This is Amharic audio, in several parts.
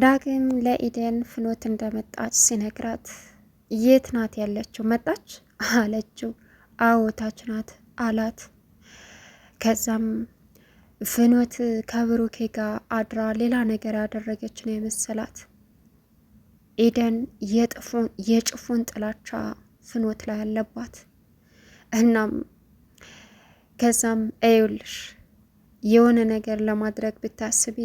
ዳግም ለኢደን ፍኖት እንደመጣች ሲነግራት የት ናት ያለችው? መጣች አለችው። አዎታች ናት አላት። ከዛም ፍኖት ከብሩኬ ጋር አድራ ሌላ ነገር ያደረገች ነው የመሰላት። ኢደን የጭፉን ጥላቻ ፍኖት ላይ አለባት። እናም ከዛም እዩልሽ የሆነ ነገር ለማድረግ ብታስቢ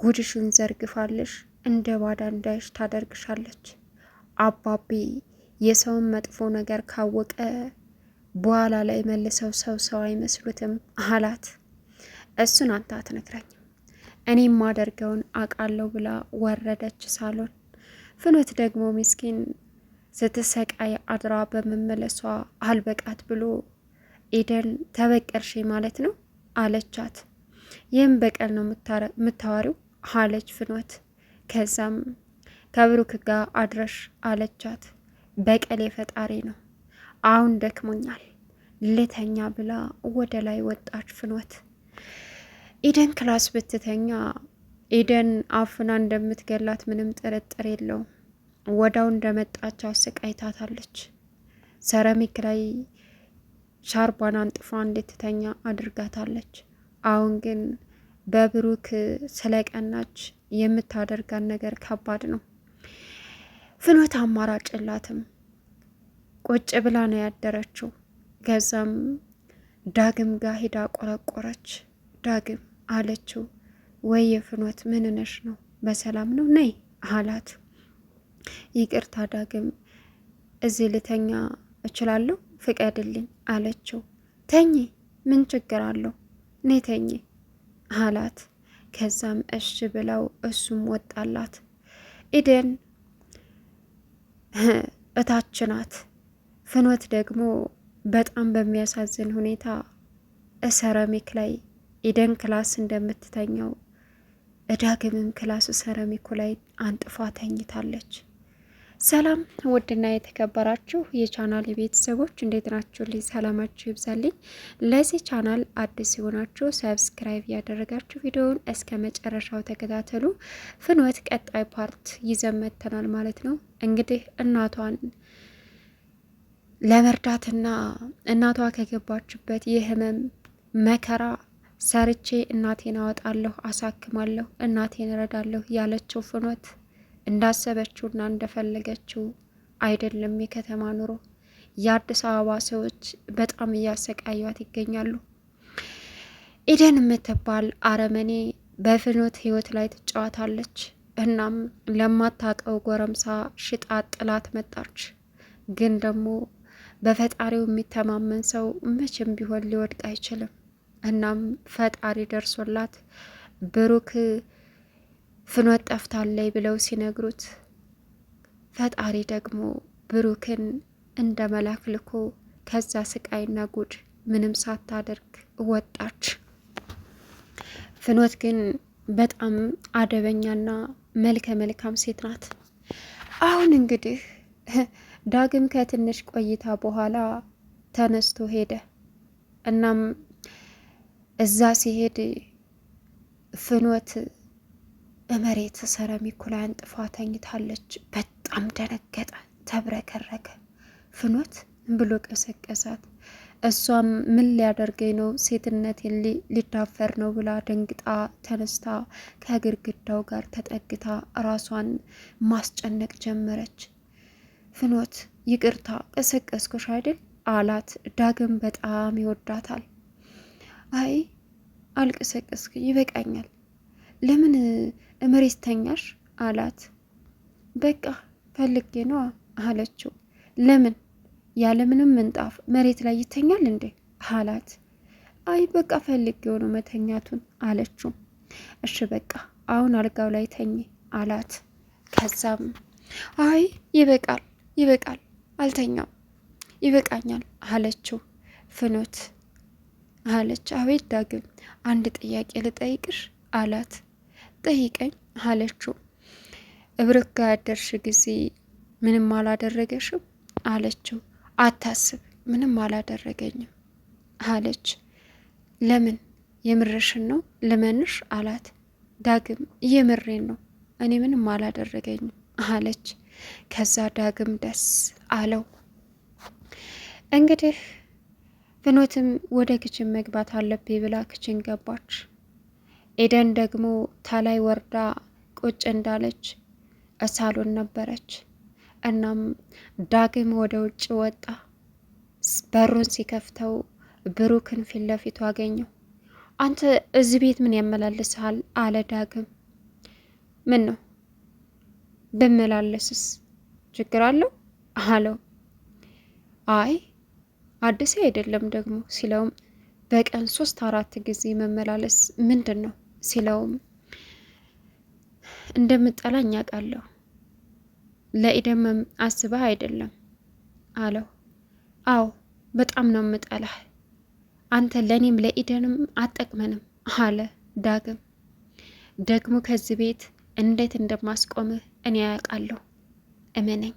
ጉድሽን ዘርግፋለሽ እንደ ባዳ እንዳይሽ ታደርግሻለች። አባቤ የሰውን መጥፎ ነገር ካወቀ በኋላ ላይ መልሰው ሰው ሰው አይመስሉትም አላት። እሱን አንተ አትነግረኝም እኔም ማደርገውን አውቃለሁ ብላ ወረደች ሳሎን። ፍኖት ደግሞ ምስኪን ስትሰቃይ አድራ በመመለሷ አልበቃት ብሎ ኢደን ተበቀልሽ ማለት ነው አለቻት። ይህም በቀል ነው የምታዋሪው አለች ፍኖት። ከዛም ከብሩክ ጋር አድረሽ አለቻት። በቀል የፈጣሪ ነው፣ አሁን ደክሞኛል ልተኛ ብላ ወደ ላይ ወጣች ፍኖት። ኢደን ክላስ ብትተኛ ኢደን አፍና እንደምትገላት ምንም ጥርጥር የለውም። ወዳው እንደመጣች አሰቃይታታለች። ሰረሚክ ላይ ሻርቧን አንጥፋ እንድትተኛ አድርጋታለች። አሁን ግን በብሩክ ስለቀናች የምታደርጋን ነገር ከባድ ነው። ፍኖት አማራጭ የላትም። ቁጭ ብላ ነው ያደረችው። ከዛም ዳግም ጋ ሂዳ ቆረቆረች። ዳግም አለችው ወይ የፍኖት ምን ነሽ ነው በሰላም ነው ነይ አላት። ይቅርታ ዳግም እዚህ ልተኛ እችላለሁ ፍቀድልኝ አለችው። ተኚ ምን ችግር አለው ኔተኝ አላት። ከዛም እሽ ብለው እሱም ወጣላት። ኢደን እታች ናት። ፍኖት ደግሞ በጣም በሚያሳዝን ሁኔታ ሰረሚክ ላይ ኢደን ክላስ እንደምትተኘው እዳግምም ክላስ ሰረሚኩ ላይ አንጥፋ ተኝታለች። ሰላም ውድና የተከበራችሁ የቻናል ቤተሰቦች እንዴት ናችሁ? ልጅ ሰላማችሁ ይብዛልኝ። ለዚህ ቻናል አዲስ ሲሆናችሁ ሰብስክራይብ ያደረጋችሁ ቪዲዮውን እስከ መጨረሻው ተከታተሉ። ፍኖት ቀጣይ ፓርት ይዘመተናል ማለት ነው። እንግዲህ እናቷን ለመርዳትና እናቷ ከገባችበት የህመም መከራ ሰርቼ እናቴን አወጣለሁ፣ አሳክማለሁ፣ እናቴን እረዳለሁ ያለችው ፍኖት እንዳሰበችውና እንደፈለገችው አይደለም። የከተማ ኑሮ የአዲስ አበባ ሰዎች በጣም እያሰቃያት ይገኛሉ። ኢደን የምትባል አረመኔ በፍኖት ህይወት ላይ ትጫወታለች። እናም ለማታቀው ጎረምሳ ሽጣ ጥላት መጣች። ግን ደግሞ በፈጣሪው የሚተማመን ሰው መቼም ቢሆን ሊወድቅ አይችልም። እናም ፈጣሪ ደርሶላት ብሩክ ፍኖት ጠፍታለይ ብለው ሲነግሩት ፈጣሪ ደግሞ ብሩክን እንደ መላክ ልኮ ከዛ ስቃይና ጉድ ምንም ሳታደርግ ወጣች። ፍኖት ግን በጣም አደበኛና መልከ መልካም ሴት ናት። አሁን እንግዲህ ዳግም ከትንሽ ቆይታ በኋላ ተነስቶ ሄደ። እናም እዛ ሲሄድ ፍኖት በመሬት ሰረሚኩ ላይ አንጥፋ ተኝታለች። በጣም ደነገጠ፣ ተብረከረከ። ፍኖት ብሎ ቀሰቀሳት። እሷም ምን ሊያደርገኝ ነው ሴትነት ሊዳፈር ነው ብላ ደንግጣ ተነስታ ከግድግዳው ጋር ተጠግታ ራሷን ማስጨነቅ ጀመረች። ፍኖት ይቅርታ ቀሰቀስኩሽ አይደል አላት። ዳግም በጣም ይወዳታል። አይ አልቀሰቀስክ፣ ይበቃኛል ለምን እመሬት ተኛሽ አላት። በቃ ፈልጌ ነው አለችው። ለምን ያለምንም ምንጣፍ መሬት ላይ ይተኛል እንዴ አላት። አይ በቃ ፈልጌው ነው መተኛቱን አለችው። እሺ በቃ አሁን አልጋው ላይ ተኝ አላት። ከዛም አይ ይበቃል ይበቃል አልተኛም ይበቃኛል አለችው። ፍኖት አለች። አቤት ዳግም አንድ ጥያቄ ልጠይቅሽ አላት። ጠይቀኝ አለችው። እብርክ ያደርሽ ጊዜ ምንም አላደረገሽም አለችው። አታስብ ምንም አላደረገኝም አለች። ለምን የምርሽን ነው ልመንሽ አላት። ዳግም የምሬን ነው እኔ ምንም አላደረገኝም አለች። ከዛ ዳግም ደስ አለው። እንግዲህ ፍኖትም ወደ ክችን መግባት አለብኝ ብላ ክችን ገባች። ኤደን ደግሞ ታላይ ወርዳ ቁጭ እንዳለች እሳሎን ነበረች። እናም ዳግም ወደ ውጭ ወጣ። በሩን ሲከፍተው ብሩክን ፊት ለፊቱ አገኘው። አንተ እዚህ ቤት ምን ያመላልስሃል? አለ ዳግም። ምን ነው ብመላለስስ ችግር አለው አለው። አይ አዲስ አይደለም ደግሞ ሲለውም በቀን ሶስት አራት ጊዜ መመላለስ ምንድን ነው ሲለውም እንደምጠላኝ አውቃለሁ ለኢደመም አስበህ አይደለም አለው። አዎ በጣም ነው የምጠላህ አንተ ለእኔም ለኢደንም አጠቅመንም አለ ዳግም። ደግሞ ከዚህ ቤት እንዴት እንደማስቆምህ እኔ አውቃለሁ እመነኝ።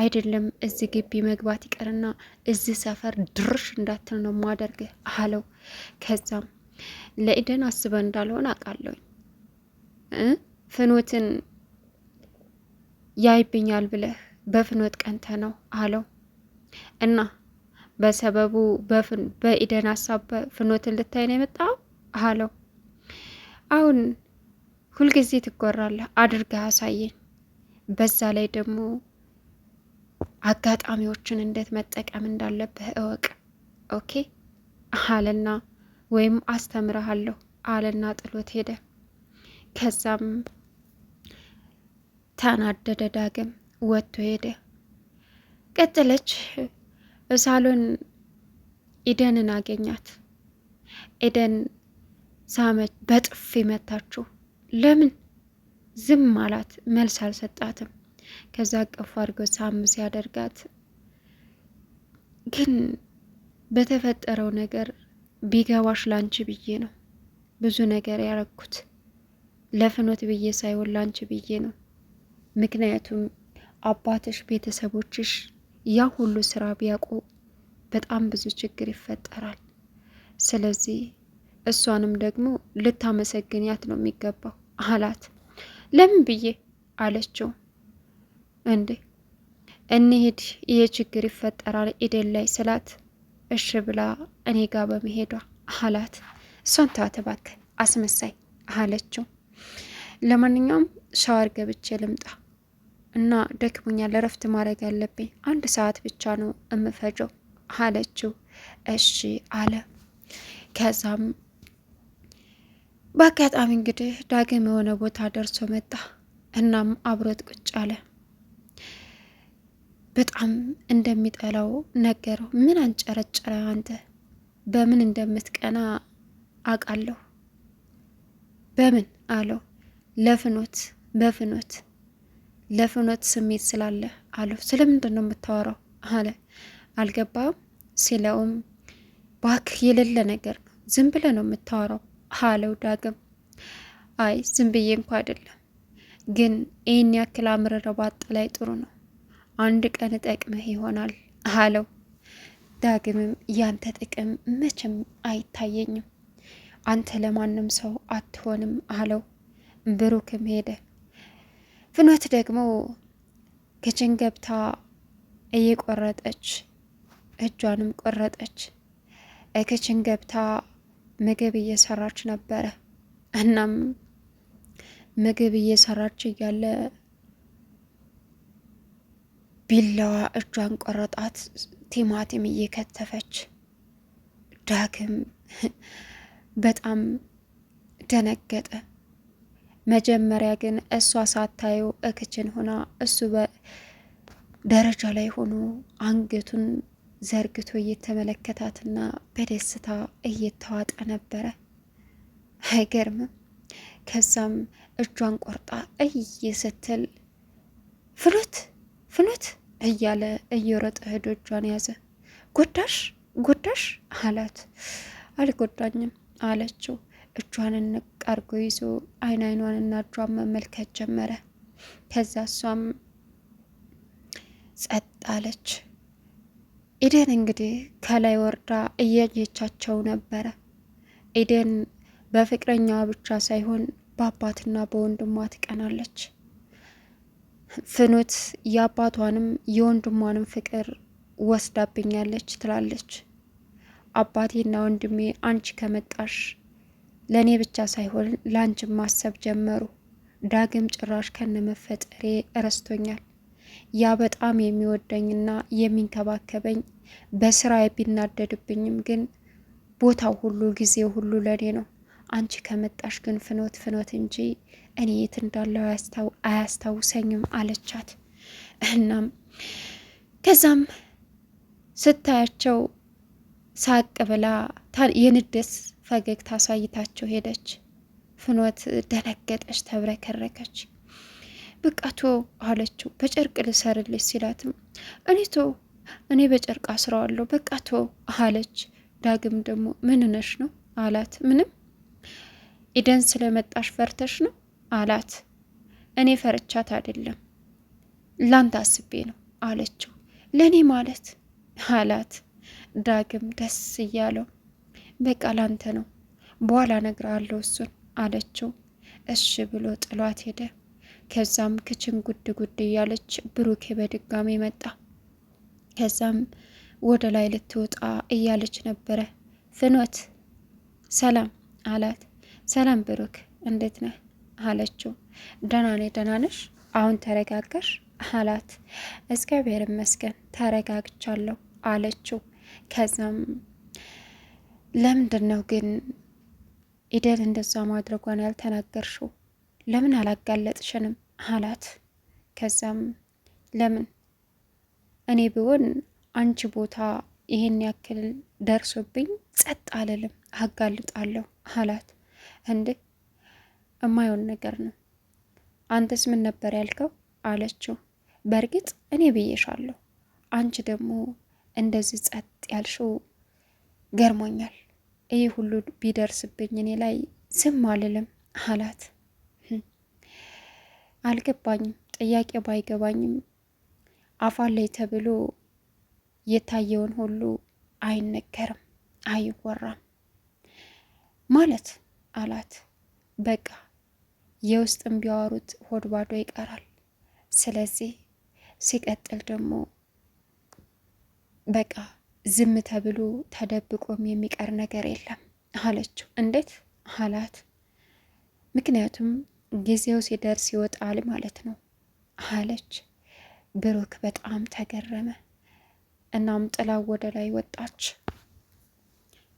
አይደለም እዚህ ግቢ መግባት ይቀርና እዚህ ሰፈር ድርሽ እንዳትል ነው ማደርግህ አለው። ከዛም ለኢደን አስበ እንዳልሆን አውቃለሁኝ። ፍኖትን ያይብኛል ብለህ በፍኖት ቀንተ ነው አለው እና በሰበቡ በኢደን ሀሳብ ፍኖትን ልታይ ነው የመጣው አለው። አሁን ሁልጊዜ ትጎራለህ አድርገህ አሳየኝ። በዛ ላይ ደግሞ አጋጣሚዎችን እንዴት መጠቀም እንዳለብህ እወቅ። ኦኬ አለና ወይም አስተምረሃለሁ አለና ጥሎት ሄደ። ከዛም ተናደደ። ዳግም ወጥቶ ሄደ። ቀጥለች ሳሎን ኢደንን አገኛት። ኢደን ሳመች፣ በጥፊ መታችሁ ለምን ዝም አላት? መልስ አልሰጣትም። ከዛ ቀፉ አድርገው ሳም ሲያደርጋት ግን በተፈጠረው ነገር ቢገባሽ ላንቺ ብዬ ነው ብዙ ነገር ያረኩት ለፍኖት ብዬ ሳይሆን ላንቺ ብዬ ነው። ምክንያቱም አባትሽ፣ ቤተሰቦችሽ ያ ሁሉ ስራ ቢያውቁ በጣም ብዙ ችግር ይፈጠራል። ስለዚህ እሷንም ደግሞ ልታመሰግንያት ነው የሚገባው አላት። ለምን ብዬ አለችው። እንዴ እንሄድ፣ ይሄ ችግር ይፈጠራል ኢደን ላይ ስላት እሺ ብላ እኔ ጋር በመሄዷ አላት። እሷን ተዋት እባክህ አስመሳይ አለችው። ለማንኛውም ሻወር ገብቼ ልምጣ እና ደክሞኛል፣ ለረፍት ማድረግ ያለብኝ አንድ ሰዓት ብቻ ነው እምፈጀው አለችው። እሺ አለ። ከዛም በአጋጣሚ እንግዲህ ዳግም የሆነ ቦታ ደርሶ መጣ። እናም አብሮት ቁጭ አለ። በጣም እንደሚጠላው ነገረው። ምን አንጨረጨረ አንተ በምን እንደምትቀና አውቃለሁ። በምን አለው። ለፍኖት በፍኖት ለፍኖት ስሜት ስላለ አለው። ስለምንድን ነው የምታወራው አለ። አልገባም ሲለውም ባክ የሌለ ነገር ነው ዝም ብለ ነው የምታወራው አለው። ዳግም አይ ዝም ብዬ እንኳ አይደለም ግን ይህን ያክል አምርረው ላይ ጥሩ ነው አንድ ቀን ጠቅምህ ይሆናል አለው። ዳግምም ያንተ ጥቅም መቼም አይታየኝም፣ አንተ ለማንም ሰው አትሆንም አለው። ብሩክም ሄደ። ፍኖት ደግሞ ክችን ገብታ እየቆረጠች እጇንም ቆረጠች። ክችን ገብታ ምግብ እየሰራች ነበረ። እናም ምግብ እየሰራች እያለ ቢላዋ እጇን ቆረጣት። ቲማቲም እየከተፈች ዳግም በጣም ደነገጠ። መጀመሪያ ግን እሷ ሳታየው እክችን ሆና እሱ በደረጃ ላይ ሆኖ አንገቱን ዘርግቶ እየተመለከታትና በደስታ እየተዋጠ ነበረ። አይገርምም? ከዛም እጇን ቆርጣ እይ ስትል ፍሉት ፍኖት እያለ እየሮጠ ሄዶ እጇን ያዘ። ጎዳሽ ጎዳሽ አላት። አልጎዳኝም አለችው። እጇን እንቅ አርጎ ይዞ አይን አይኗንና እጇን መመልከት ጀመረ። ከዛ እሷም ጸጥ አለች። ኢደን እንግዲህ ከላይ ወርዳ እያየቻቸው ነበረ። ኢደን በፍቅረኛዋ ብቻ ሳይሆን በአባትና በወንድሟ ትቀናለች። ፍኖት የአባቷንም የወንድሟንም ፍቅር ወስዳብኛለች ትላለች። አባቴና ወንድሜ አንቺ ከመጣሽ ለእኔ ብቻ ሳይሆን ለአንቺም ማሰብ ጀመሩ። ዳግም ጭራሽ ከነመፈጠሬ እረስቶኛል። ያ በጣም የሚወደኝና የሚንከባከበኝ በስራ ቢናደድብኝም ግን ቦታው ሁሉ ጊዜ ሁሉ ለእኔ ነው። አንቺ ከመጣሽ ግን ፍኖት ፍኖት እንጂ እኔ የት እንዳለው አያስታውሰኝም አለቻት። እናም ከዛም ስታያቸው ሳቅ ብላ የንደስ ፈገግታ አሳይታቸው ሄደች። ፍኖት ደነገጠች፣ ተብረከረከች። ብቃቶ አለችው በጨርቅ ልሰርልሽ ሲላትም እኔቶ እኔ በጨርቅ አስረዋለሁ በቃቶ አለች። ዳግም ደግሞ ምን ነሽ ነው አላት። ምንም ኢደን ስለመጣሽ ፈርተሽ ነው አላት። እኔ ፈርቻት አይደለም ላንተ አስቤ ነው አለችው። ለእኔ ማለት አላት። ዳግም ደስ እያለው በቃ ላንተ ነው በኋላ እነግርሃለሁ እሱን አለችው። እሺ ብሎ ጥሏት ሄደ። ከዛም ክችን ጉድ ጉድ እያለች ብሩኬ በድጋሚ መጣ። ከዛም ወደ ላይ ልትወጣ እያለች ነበረ። ፍኖት ሰላም አላት። ሰላም ብሩክ፣ እንዴት ነህ አለችው። ደህና ነኝ፣ ደህና ነሽ? አሁን ተረጋጋሽ አላት። እግዚአብሔር ይመስገን ተረጋግቻለሁ አለችው። ከዛም ለምንድን ነው ግን ኢደን እንደዛ ማድረጓን ያልተናገርሽው? ለምን አላጋለጥሽንም አላት። ከዛም ለምን እኔ ቢሆን አንቺ ቦታ ይሄን ያክል ደርሶብኝ ጸጥ አልልም፣ አጋልጣለሁ አላት። እንዴ እማይሆን ነገር ነው። አንተስ ምን ነበር ያልከው? አለችው። በእርግጥ እኔ ብዬሻለሁ፣ አንቺ ደግሞ እንደዚህ ጸጥ ያልሽው ገርሞኛል። ይህ ሁሉ ቢደርስብኝ እኔ ላይ ዝም አልልም አላት። አልገባኝም፣ ጥያቄ ባይገባኝም አፋን ላይ ተብሎ የታየውን ሁሉ አይነገርም አይወራም ማለት አላት። በቃ የውስጥም ቢያወሩት ሆድ ባዶ ይቀራል። ስለዚህ ሲቀጥል ደግሞ በቃ ዝም ተብሎ ተደብቆም የሚቀር ነገር የለም አለችው። እንዴት አላት። ምክንያቱም ጊዜው ሲደርስ ይወጣል ማለት ነው አለች። ብሩክ በጣም ተገረመ። እናም ጥላው ወደ ላይ ወጣች።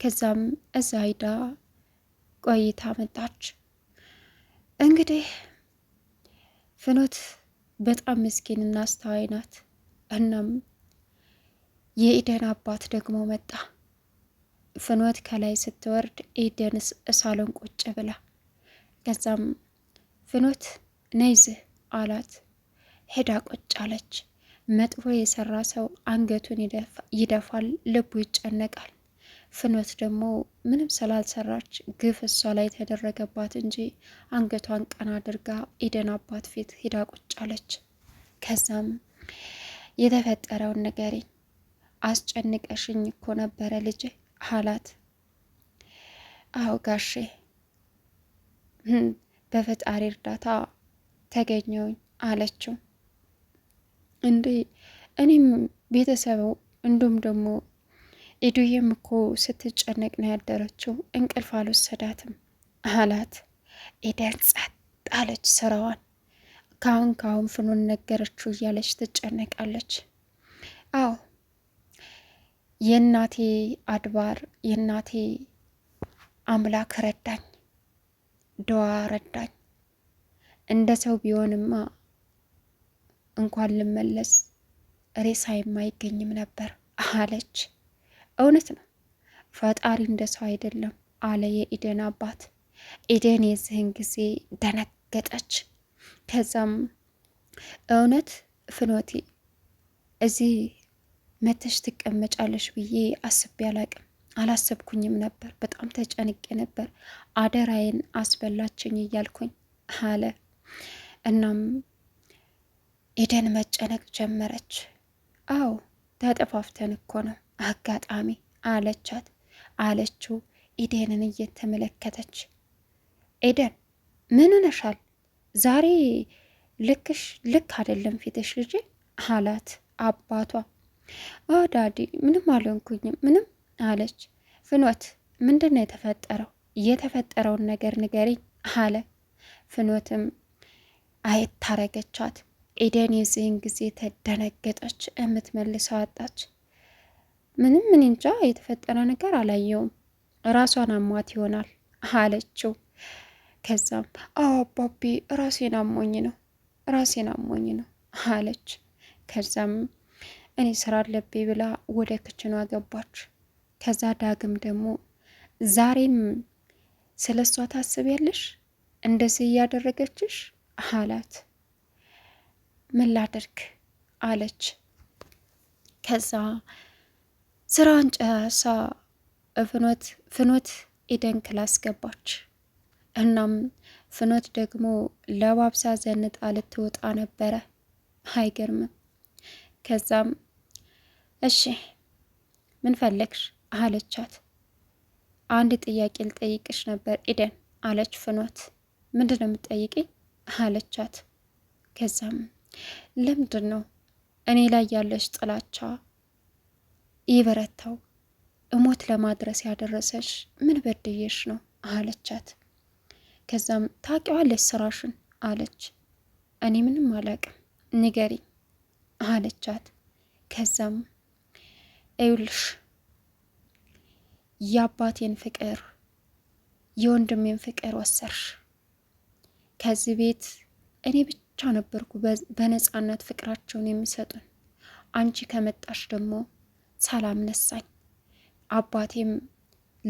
ከዛም እዛ ሂዳ ቆይታ መጣች። እንግዲህ ፍኖት በጣም ምስኪንና አስተዋይ ናት። እናም የኢደን አባት ደግሞ መጣ። ፍኖት ከላይ ስትወርድ ኢደን እሳሎን ቁጭ ብላ፣ ከዛም ፍኖት ነይዝ አላት። ሄዳ ቁጭ አለች። መጥፎ የሰራ ሰው አንገቱን ይደፋል፣ ልቡ ይጨነቃል። ፍኖት ደግሞ ምንም ስላልሰራች ግፍ እሷ ላይ ተደረገባት እንጂ አንገቷን ቀና አድርጋ ኢደን አባት ፊት ሂዳ ቁጭ አለች። ከዛም የተፈጠረውን ንገሪኝ፣ አስጨንቀሽኝ እኮ ነበረ ልጅ አላት። አዎ ጋሼ፣ በፈጣሪ እርዳታ ተገኘውኝ አለችው። እንዴ እኔም ቤተሰቡ እንዲሁም ደግሞ ኢዱዬም እኮ ስትጨነቅ ነው ያደረችው፣ እንቅልፍ አልወሰዳትም አላት። ኤደን ጸጥ አለች። ስራዋን ካሁን ካሁን ፍኖን ነገረችው እያለች ትጨነቃለች። አዎ የእናቴ አድባር የእናቴ አምላክ ረዳኝ፣ ድዋ ረዳኝ። እንደ ሰው ቢሆንማ እንኳን ልመለስ ሬሳ አይገኝም ነበር አለች። እውነት ነው። ፈጣሪ እንደ ሰው አይደለም አለ የኢደን አባት። ኢደን የዚህን ጊዜ ደነገጠች። ከዛም እውነት ፍኖቴ እዚህ መተሽ ትቀመጫለሽ ብዬ አስቤ አላቅም አላሰብኩኝም ነበር። በጣም ተጨንቄ ነበር። አደራዬን አስበላችኝ እያልኩኝ አለ። እናም ኢደን መጨነቅ ጀመረች። አዎ ተጠፋፍተን እኮ ነው አጋጣሚ አለቻት አለችው። ኢደንን እየተመለከተች ኢደን ምን ነሻል? ዛሬ ልክሽ ልክ አይደለም ፊትሽ ልጄ አላት አባቷ። ዳዲ ምንም አልሆንኩኝም ምንም አለች። ፍኖት ምንድን ነው የተፈጠረው? የተፈጠረውን ነገር ንገሪኝ አለ። ፍኖትም አይታረገቻት ኢደን የዚህን ጊዜ ተደነገጠች፣ የምትመልሰው አጣች። ምንም ምን እንጃ የተፈጠረ ነገር አላየውም። ራሷን አሟት ይሆናል አለችው። ከዛም አባቤ ራሴን አሞኝ ነው ራሴን አሞኝ ነው አለች። ከዛም እኔ ስራ አለብኝ ብላ ወደ ክችኗ ገባች። ከዛ ዳግም ደግሞ ዛሬም ስለ እሷ ታስቢያለሽ እንደዚህ እያደረገችሽ አላት። ምን ላደርግ አለች። ከዛ ስራዋን ጨርሳ ፍኖት ፍኖት ኢደን ክላስ ገባች። እናም ፍኖት ደግሞ ለባብሳ ዘንጣ ልትወጣ ነበረ። አይገርምም። ከዛም እሺ ምን ፈለግሽ አለቻት። አንድ ጥያቄ ልጠይቅሽ ነበር ኢደን አለች ፍኖት። ምንድን ነው የምትጠይቅኝ አለቻት። ከዛም ለምንድን ነው እኔ ላይ ያለሽ ጥላቻ ይበረታው። እሞት ለማድረስ ያደረሰሽ ምን በድዬሽ ነው አለቻት። ከዛም ታውቂዋለሽ ስራሽን አለች። እኔ ምንም አላቅም ንገሪ አለቻት። ከዛም እዩልሽ የአባቴን ፍቅር የወንድሜን ፍቅር ወሰርሽ። ከዚህ ቤት እኔ ብቻ ነበርኩ በነፃነት ፍቅራቸውን የሚሰጡን። አንቺ ከመጣሽ ደግሞ ሰላም ነሳኝ። አባቴም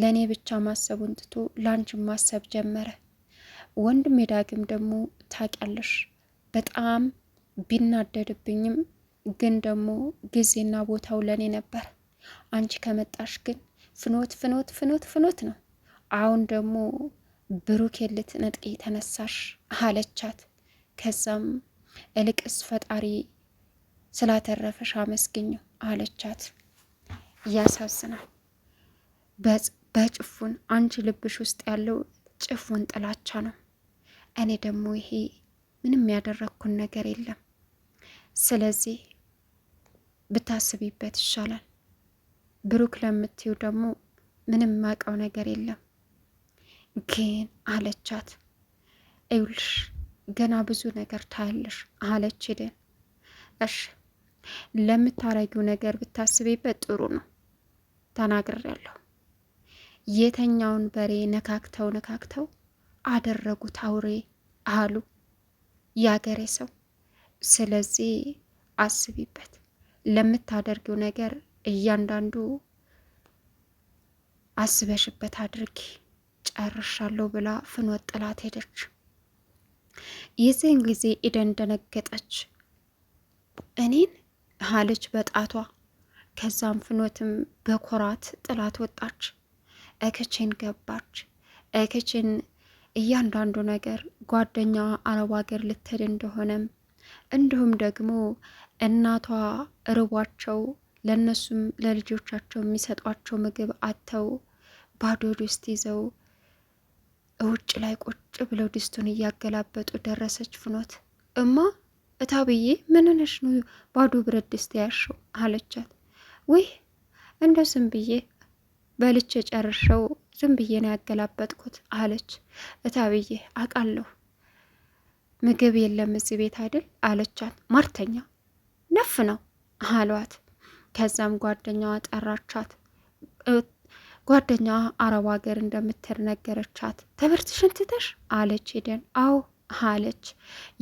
ለእኔ ብቻ ማሰቡን ትቶ ለአንቺም ማሰብ ጀመረ። ወንድሜ ዳግም ደግሞ ታውቂያለሽ፣ በጣም ቢናደድብኝም ግን ደግሞ ጊዜና ቦታው ለእኔ ነበር። አንቺ ከመጣሽ ግን ፍኖት ፍኖት ፍኖት ፍኖት ነው። አሁን ደግሞ ብሩኬ ልትነጥቂ ተነሳሽ አለቻት። ከዛም እልቅስ ፈጣሪ ስላተረፈሽ አመስግኝ አለቻት። ያሳዝናል። በጭፉን አንቺ ልብሽ ውስጥ ያለው ጭፉን ጥላቻ ነው። እኔ ደግሞ ይሄ ምንም ያደረግኩን ነገር የለም። ስለዚህ ብታስቢበት ይሻላል። ብሩክ ለምትዩ ደግሞ ምንም የማውቀው ነገር የለም ግን አለቻት። እውልሽ ገና ብዙ ነገር ታያለሽ አለች። ሄደን እሺ ለምታረጊው ነገር ብታስቢበት ጥሩ ነው ተናግሬያለሁ። የተኛውን በሬ ነካክተው ነካክተው አደረጉት አውሬ አሉ ያገሬ ሰው። ስለዚህ አስቢበት፣ ለምታደርጊው ነገር እያንዳንዱ አስበሽበት አድርጊ። ጨርሻለሁ ብላ ፍኖት ጥላት ሄደች። የዚህን ጊዜ ኢደን ደነገጠች። እኔን አለች በጣቷ ከዛም ፍኖትም በኩራት ጥላት ወጣች። እክችን ገባች። እክችን እያንዳንዱ ነገር ጓደኛ አረብ ሀገር ልትሄድ እንደሆነም እንዲሁም ደግሞ እናቷ ርቧቸው ለእነሱም ለልጆቻቸው የሚሰጧቸው ምግብ አጥተው ባዶ ድስት ይዘው ውጭ ላይ ቁጭ ብለው ድስቱን እያገላበጡ ደረሰች ፍኖት። እማ እታብዬ ምንነሽ ነው ባዶ ብረት ድስት ያሽው? አለቻት። ውይ እንደ ዝም ብዬ በልቼ ጨርሸው ዝም ብዬ ነው ያገላበጥኩት አለች። እታብዬ አውቃለሁ ምግብ የለም እዚህ ቤት አይደል አለቻት። ማርተኛ ነፍ ነው አሏት። ከዛም ጓደኛዋ ጠራቻት። ጓደኛዋ አረብ ሀገር እንደምትር ነገረቻት። ትምህርትሽን ትተሽ አለች። ሄደን አዎ አለች።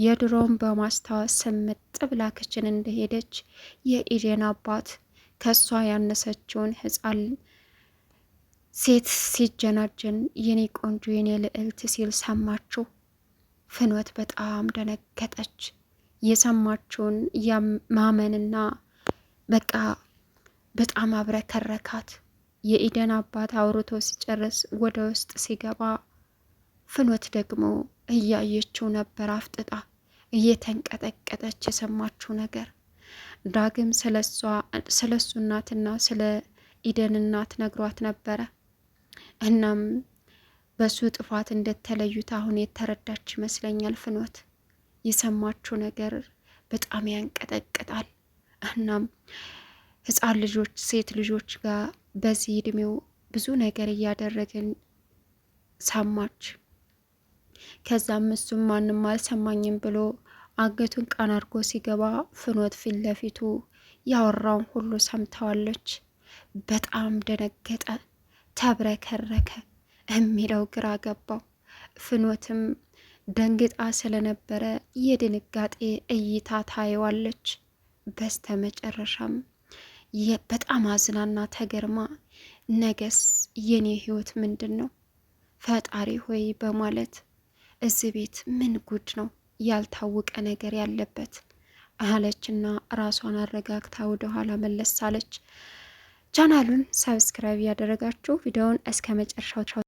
የድሮውን በማስታወስ ስምጥ ብላ ክችን እንደሄደች የኢዴን አባት ከእሷ ያነሰችውን ህፃን ሴት ሲጀናጀን የኔ ቆንጆ የኔ ልዕልት ሲል ሰማችሁ። ፍኖት በጣም ደነገጠች። የሰማችውን ማመንና በቃ በጣም አብረከረካት። የኢደን አባት አውርቶ ሲጨርስ ወደ ውስጥ ሲገባ ፍኖት ደግሞ እያየችው ነበር አፍጥጣ እየተንቀጠቀጠች የሰማችው ነገር ዳግም ስለ እሱ እናትና ስለ ኢደን እናት ነግሯት ነበረ። እናም በሱ ጥፋት እንደተለዩት አሁን የተረዳች ይመስለኛል። ፍኖት የሰማችው ነገር በጣም ያንቀጠቅጣል። እናም ህፃን ልጆች ሴት ልጆች ጋር በዚህ እድሜው ብዙ ነገር እያደረግን ሰማች። ከዛም እሱም ማንም አልሰማኝም ብሎ አገቱን ቀን አድርጎ ሲገባ ፍኖት ፊት ለፊቱ ያወራውን ሁሉ ሰምተዋለች። በጣም ደነገጠ፣ ተብረከረከ፣ የሚለው ግራ ገባው። ፍኖትም ደንግጣ ስለነበረ የድንጋጤ እይታ ታየዋለች። በስተ መጨረሻም በጣም አዝናና ተገርማ ነገስ የኔ ህይወት ምንድን ነው? ፈጣሪ ሆይ በማለት እዚህ ቤት ምን ጉድ ነው ያልታወቀ ነገር ያለበት አለችና ራሷን አረጋግታ ወደ ኋላ መለስ አለች። ቻናሉን ሰብስክራይብ ያደረጋችሁ ቪዲዮውን እስከ መጨረሻው